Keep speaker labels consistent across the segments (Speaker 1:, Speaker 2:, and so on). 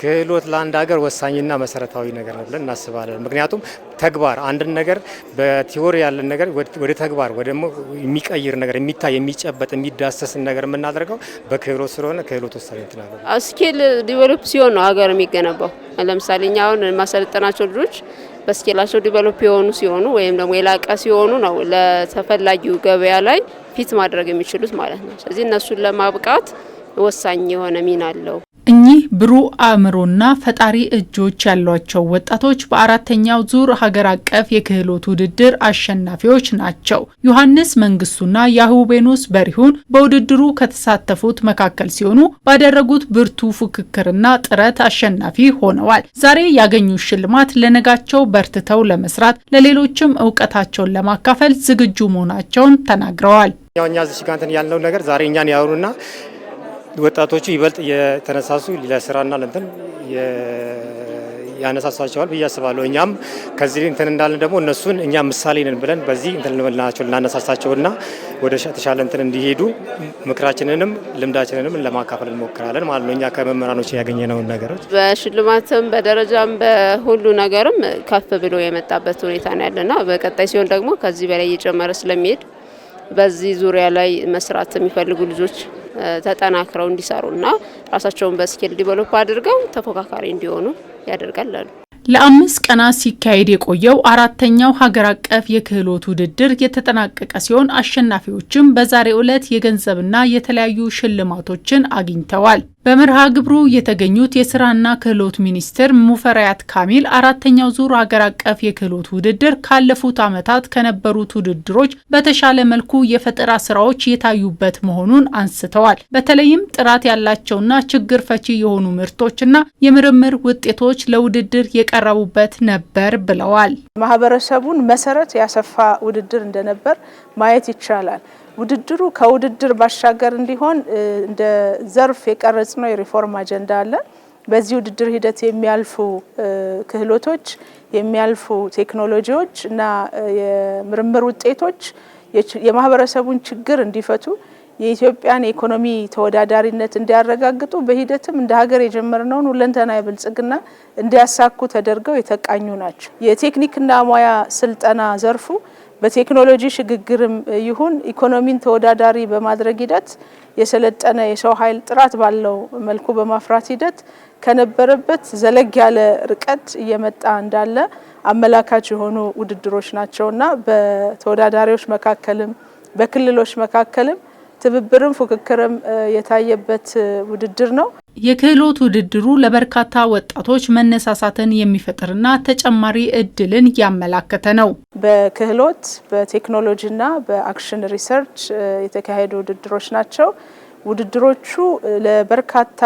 Speaker 1: ክህሎት ለአንድ ሀገር ወሳኝና መሰረታዊ ነገር ነው ብለን እናስባለን። ምክንያቱም ተግባር አንድን ነገር በቲዎሪ ያለን ነገር ወደ ተግባር ወደሞ የሚቀይር ነገር የሚታይ የሚጨበጥ የሚዳሰስን ነገር የምናደርገው በክህሎት ስለሆነ ክህሎት ወሳኝ ትናለ
Speaker 2: ስኪል ዲቨሎፕ ሲሆን ነው ሀገር የሚገነባው። ለምሳሌ እኛ አሁን የማሰለጠናቸው ልጆች በስኪላቸው ዲቨሎፕ የሆኑ ሲሆኑ ወይም ደግሞ የላቀ ሲሆኑ ነው ለተፈላጊው ገበያ ላይ ፊት ማድረግ የሚችሉት ማለት ነው። ስለዚህ እነሱን ለማብቃት ወሳኝ የሆነ ሚና አለው።
Speaker 3: እኚህ ብሩህ አእምሮና ፈጣሪ እጆች ያሏቸው ወጣቶች በአራተኛው ዙር ሀገር አቀፍ የክህሎት ውድድር አሸናፊዎች ናቸው። ዮሐንስ መንግስቱና ያሁቤኖስ በሪሁን በውድድሩ ከተሳተፉት መካከል ሲሆኑ ባደረጉት ብርቱ ፉክክርና ጥረት አሸናፊ ሆነዋል። ዛሬ ያገኙት ሽልማት ለነጋቸው በርትተው ለመስራት ለሌሎችም እውቀታቸውን ለማካፈል ዝግጁ መሆናቸውን ተናግረዋል።
Speaker 1: እኛ እዚህ ጋር እንትን ያልነው ነገር ዛሬ እኛን ያወሩና ወጣቶቹ ይበልጥ የተነሳሱ ለስራና ለእንትን ያነሳሳቸዋል ብዬ አስባለሁ። እኛም ከዚህ እንትን እንዳለን ደግሞ እነሱን እኛ ምሳሌ ነን ብለን በዚህ እንትን ልንበልናቸው ልናነሳሳቸውና ወደ ተሻለ እንትን እንዲሄዱ ምክራችንንም ልምዳችንንም ለማካፈል እንሞክራለን ማለት ነው። እኛ ከመምህራኖች ያገኘነውን ነገሮች
Speaker 2: በሽልማትም በደረጃም በሁሉ ነገርም ከፍ ብሎ የመጣበት ሁኔታ ነው ያለና በቀጣይ ሲሆን ደግሞ ከዚህ በላይ እየጨመረ ስለሚሄድ በዚህ ዙሪያ ላይ መስራት የሚፈልጉ ልጆች ተጠናክረው እንዲሰሩና ራሳቸውን በስኪል ዲቨሎፕ አድርገው ተፎካካሪ እንዲሆኑ ያደርጋል
Speaker 3: ለአምስት ቀናት ሲካሄድ የቆየው አራተኛው ሀገር አቀፍ የክህሎት ውድድር የተጠናቀቀ ሲሆን አሸናፊዎችም በዛሬው ዕለት የገንዘብና የተለያዩ ሽልማቶችን አግኝተዋል። በመርሃ ግብሩ የተገኙት የስራና ክህሎት ሚኒስትር ሙፈሪያት ካሚል አራተኛው ዙር አገር አቀፍ የክህሎት ውድድር ካለፉት ዓመታት ከነበሩት ውድድሮች በተሻለ መልኩ የፈጠራ ስራዎች የታዩበት መሆኑን አንስተዋል። በተለይም ጥራት ያላቸውና ችግር ፈቺ የሆኑ ምርቶችና የምርምር ውጤቶች ለውድድር የቀረቡበት ነበር ብለዋል።
Speaker 4: ማህበረሰቡን መሰረት ያሰፋ ውድድር እንደነበር ማየት ይቻላል። ውድድሩ ከውድድር ባሻገር እንዲሆን እንደ ዘርፍ የቀረጽነው የሪፎርም አጀንዳ አለ። በዚህ ውድድር ሂደት የሚያልፉ ክህሎቶች፣ የሚያልፉ ቴክኖሎጂዎች እና የምርምር ውጤቶች የማህበረሰቡን ችግር እንዲፈቱ የኢትዮጵያን የኢኮኖሚ ተወዳዳሪነት እንዲያረጋግጡ በሂደትም እንደ ሀገር የጀመርነውን ሁለንተና የብልጽግና እንዲያሳኩ ተደርገው የተቃኙ ናቸው። የቴክኒክና ሙያ ስልጠና ዘርፉ በቴክኖሎጂ ሽግግርም ይሁን ኢኮኖሚን ተወዳዳሪ በማድረግ ሂደት የሰለጠነ የሰው ኃይል ጥራት ባለው መልኩ በማፍራት ሂደት ከነበረበት ዘለግ ያለ ርቀት እየመጣ እንዳለ አመላካች የሆኑ ውድድሮች ናቸውና በተወዳዳሪዎች መካከልም በክልሎች መካከልም ትብብርም ፉክክርም የታየበት ውድድር ነው።
Speaker 3: የክህሎት ውድድሩ ለበርካታ ወጣቶች መነሳሳትን የሚፈጥርና ተጨማሪ እድልን ያመላከተ ነው።
Speaker 4: በክህሎት በቴክኖሎጂና በአክሽን ሪሰርች የተካሄዱ ውድድሮች ናቸው። ውድድሮቹ ለበርካታ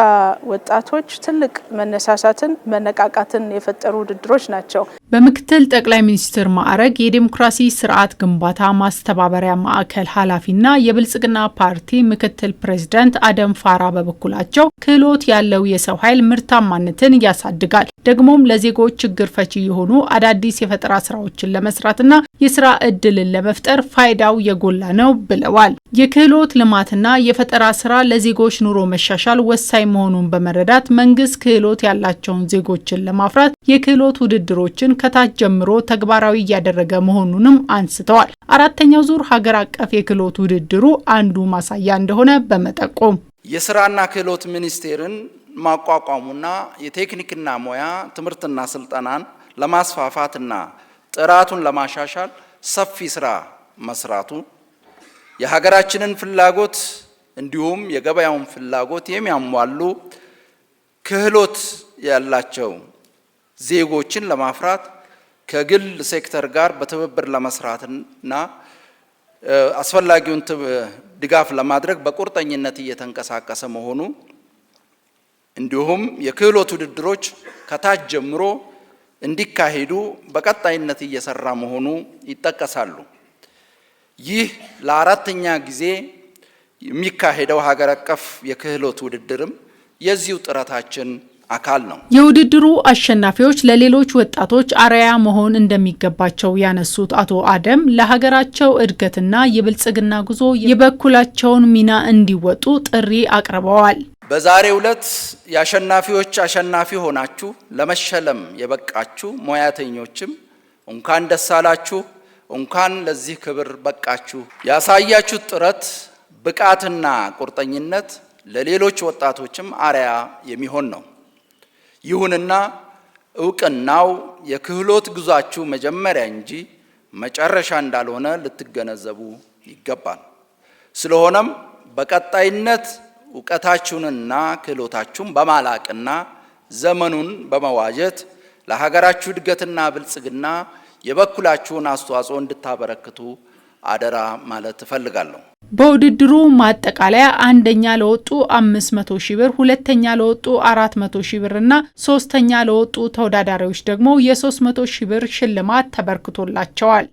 Speaker 4: ወጣቶች ትልቅ መነሳሳትን፣ መነቃቃትን የፈጠሩ ውድድሮች ናቸው።
Speaker 3: በምክትል ጠቅላይ ሚኒስትር ማዕረግ የዴሞክራሲ ስርዓት ግንባታ ማስተባበሪያ ማዕከል ኃላፊና የብልጽግና ፓርቲ ምክትል ፕሬዚደንት አደም ፋራ በበኩላቸው ክህሎት ያለው የሰው ኃይል ምርታማነትን ያሳድጋል፣ ደግሞም ለዜጎች ችግር ፈቺ የሆኑ አዳዲስ የፈጠራ ስራዎችን ለመስራትና የስራ እድልን ለመፍጠር ፋይዳው የጎላ ነው ብለዋል። የክህሎት ልማትና የፈጠራ ስራ ለዜጎች ኑሮ መሻሻል ወሳኝ መሆኑን በመረዳት መንግስት ክህሎት ያላቸውን ዜጎችን ለማፍራት የክህሎት ውድድሮችን ከታች ጀምሮ ተግባራዊ እያደረገ መሆኑንም አንስተዋል። አራተኛው ዙር ሀገር አቀፍ የክህሎት ውድድሩ አንዱ ማሳያ እንደሆነ በመጠቆም
Speaker 5: የስራና ክህሎት ሚኒስቴርን ማቋቋሙና የቴክኒክና ሙያ ትምህርትና ስልጠናን ለማስፋፋትና ጥራቱን ለማሻሻል ሰፊ ስራ መስራቱ የሀገራችንን ፍላጎት እንዲሁም የገበያውን ፍላጎት የሚያሟሉ ክህሎት ያላቸው ዜጎችን ለማፍራት ከግል ሴክተር ጋር በትብብር ለመስራትና አስፈላጊውን ድጋፍ ለማድረግ በቁርጠኝነት እየተንቀሳቀሰ መሆኑ እንዲሁም የክህሎት ውድድሮች ከታች ጀምሮ እንዲካሄዱ በቀጣይነት እየሰራ መሆኑ ይጠቀሳሉ። ይህ ለአራተኛ ጊዜ የሚካሄደው ሀገር አቀፍ የክህሎት ውድድርም የዚሁ ጥረታችን አካል ነው።
Speaker 3: የውድድሩ አሸናፊዎች ለሌሎች ወጣቶች አርአያ መሆን እንደሚገባቸው ያነሱት አቶ አደም ለሀገራቸው እድገትና የብልጽግና ጉዞ የበኩላቸውን ሚና እንዲወጡ ጥሪ አቅርበዋል።
Speaker 5: በዛሬ ዕለት የአሸናፊዎች አሸናፊ ሆናችሁ ለመሸለም የበቃችሁ ሙያተኞችም እንኳን ደስ አላችሁ፣ እንኳን ለዚህ ክብር በቃችሁ። ያሳያችሁት ጥረት፣ ብቃትና ቁርጠኝነት ለሌሎች ወጣቶችም አርያ የሚሆን ነው። ይሁንና እውቅናው የክህሎት ጉዟችሁ መጀመሪያ እንጂ መጨረሻ እንዳልሆነ ልትገነዘቡ ይገባል። ስለሆነም በቀጣይነት እውቀታችሁንና ክህሎታችሁን በማላቅና ዘመኑን በመዋጀት ለሀገራችሁ እድገትና ብልጽግና የበኩላችሁን አስተዋጽኦ እንድታበረክቱ አደራ ማለት እፈልጋለሁ።
Speaker 3: በውድድሩ ማጠቃለያ አንደኛ ለወጡ 500 ሺህ ብር፣ ሁለተኛ ለወጡ 400 ሺህ ብር እና ሶስተኛ ለወጡ ተወዳዳሪዎች ደግሞ የ300 ሺህ ብር ሽልማት ተበርክቶላቸዋል።